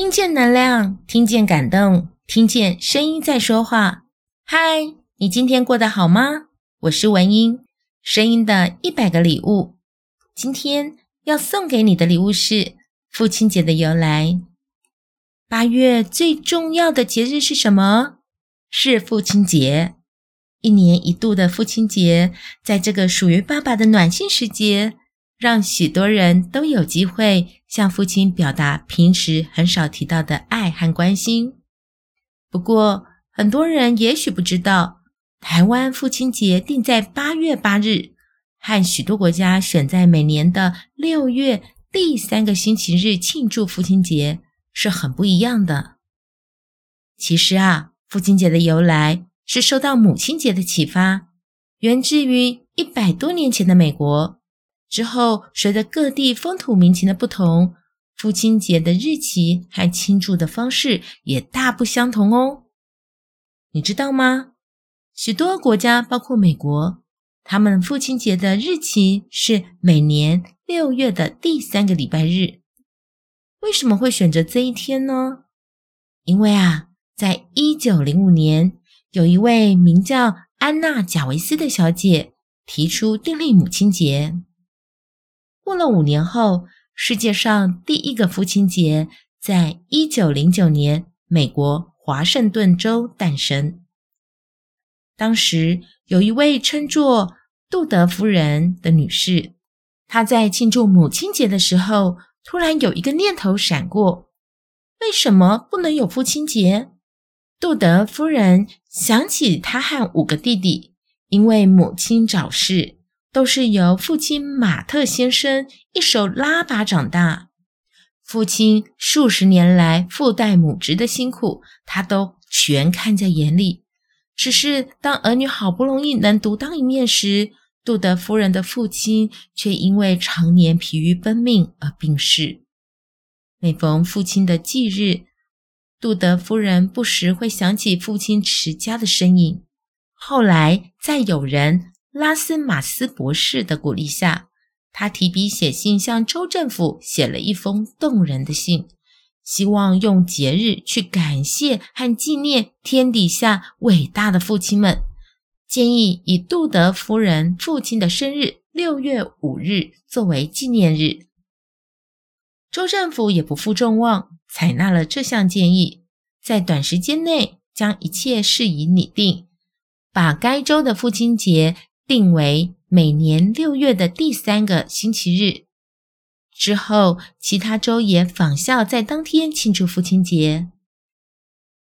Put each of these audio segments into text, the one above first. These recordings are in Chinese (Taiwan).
聽見能量，聽見感動，聽見聲音在說話。嗨，你今天過得好嗎？我是文霙，聲音的一百個禮物。今天要送給你的禮物是父親節的由來。八月最重要的節日是什麼？是父親節。一年一度的父親節，在這個屬於爸爸的暖心時節，讓許多人都有機會向父親表達平時很少提到的愛和關心。不過，很多人也許不知道，台灣父親節定在八月八日，和許多國家選在每年的六月第三個星期日慶祝父親節是很不一樣的。其實啊，父親節的由來是受到母親節的啟發，源自於一百多年前的美國。之後，隨着各地風土民情的不同，父親節的日期和慶祝的方式也大不相同哦。你知道嗎？許多國家，包括美國，他們父親節的日期是每年六月的第三個禮拜日。為什麼會選擇這一天呢？因為啊，在一九零五年，有一位名叫安娜·賈維斯的小姐提出訂立母親節。過了五年後，世界上第一個父親節在一九零九年美國華盛頓州誕生。當時有一位稱作杜德夫人的女士，她在慶祝母親節的時候，突然有一個念頭閃過：為什麼不能有父親節？杜德夫人想起她和五個弟弟，因為母親早逝。都是由父親馬特先生一手拉拔長大，父親數十年來父代母職的辛苦，他都全看在眼裡。只是當兒女好不容易能獨當一面時，杜德夫人的父親卻因為常年疲於奔命而病逝。每逢父親的忌日，杜德夫人不時會想起父親持家的身影。後來再有人，拉斯馬斯博士的鼓勵下，他提筆寫信向州政府寫了一封動人的信，希望用節日去感謝和紀念天底下偉大的父親們。建議以杜德夫人父親的生日六月五日作為紀念日。州政府也不負眾望，採納了這項建議，在短時間內將一切事宜擬定，把該州的父親節。定為每年六月的第三個星期日，之後其他州也仿效，在當天慶祝父親節。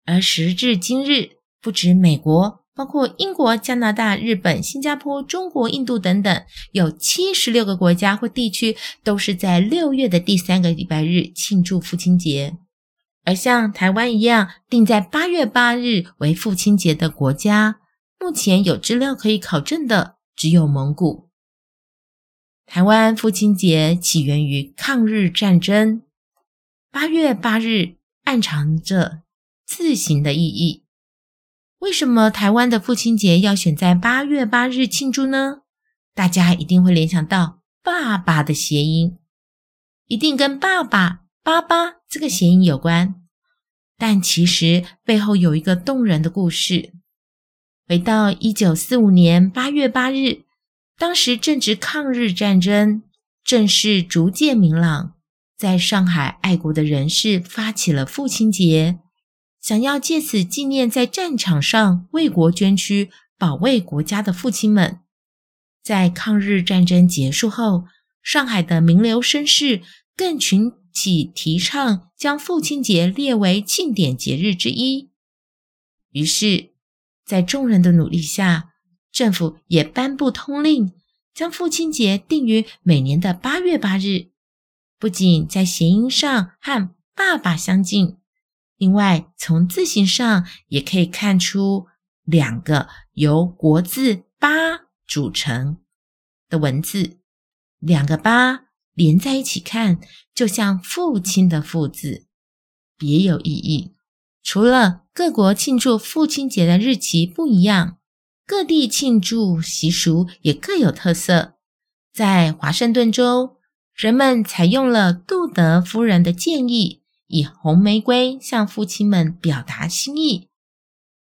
而時至今日，不止美國，包括英國、加拿大、日本、新加坡、中國、印度等等，有七十六個國家或地區都是在六月的第三個禮拜日慶祝父親節。而像台灣一樣，定在八月八日為父親節的國家，目前有資料可以考證的。只有蒙古。台灣父親節起源於抗日戰爭，八月八日暗藏着字形的意義。為什麼台灣的父親節要選在八月八日慶祝呢？大家一定會聯想到“爸爸”的諧音，一定跟“爸爸”“爸爸”這個諧音有關。但其實背後有一個動人的故事。回到一九四五年八月八日，當時正值抗日戰爭，戰事逐漸明朗，在上海愛國的人士發起了父親節，想要借此紀念在戰場上為國捐軀、保衛國家的父親們。在抗日戰爭結束後，上海的名流紳士更群起提倡將父親節列為慶典節日之一，於是。在眾人的努力下，政府也頒布通令，將父親節定於每年的八月八日。不僅在諧音上和“爸爸”相近，另外從字形上也可以看出，兩個由“國”字“八”組成的文字，兩個“八”連在一起看，就像父親的“父”字，別有意義。除了各國慶祝父親節的日期不一樣，各地慶祝習俗也各有特色。在華盛頓州，人們採用了杜德夫人的建議，以紅玫瑰向父親們表達心意。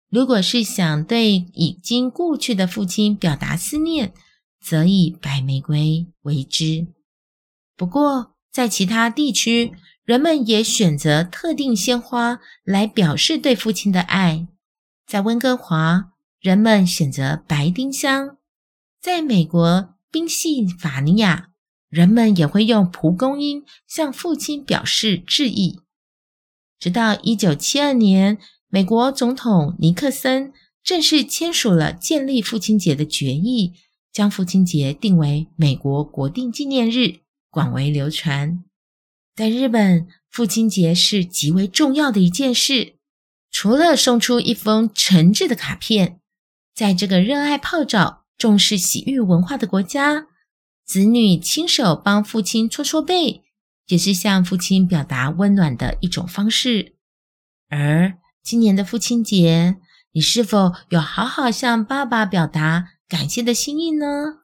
如果是想對已經故去的父親表達思念，則以白玫瑰為之。不過，在其他地區，人們也選擇特定鮮花來表示對父親的愛。在溫哥華，人們選擇白丁香；在美國賓夕法尼亞，人們也會用蒲公英向父親表示致意。直到一九七二年，美國總統尼克森正式簽署了建立父親節的決議，將父親節定為美國國定紀念日，廣為流傳。在日本，父親節是極為重要的一件事。除了送出一封誠摯的卡片，在這個熱愛泡澡、重視洗浴文化的國家，子女親手幫父親搓搓背，也是向父親表達溫暖的一種方式。而今年的父親節，你是否有好好向爸爸表達感謝的心意呢？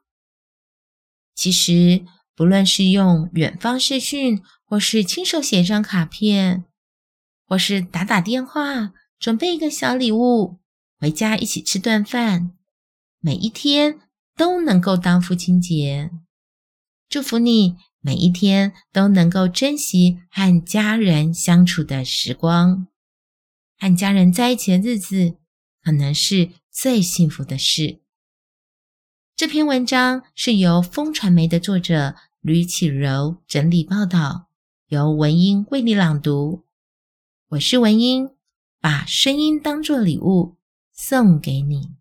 其實，不論是用遠方視訊，或是親手寫上卡片，或是打打電話，準備一個小禮物，回家一起吃頓飯，每一天都能夠當父親節。祝福你每一天都能夠珍惜和家人相處的時光，和家人在一起的日子可能是最幸福的事。這篇文章是由風傳媒的作者呂柔其整理報道由文霙為你朗讀。我是文霙，把聲音當作禮物送給你。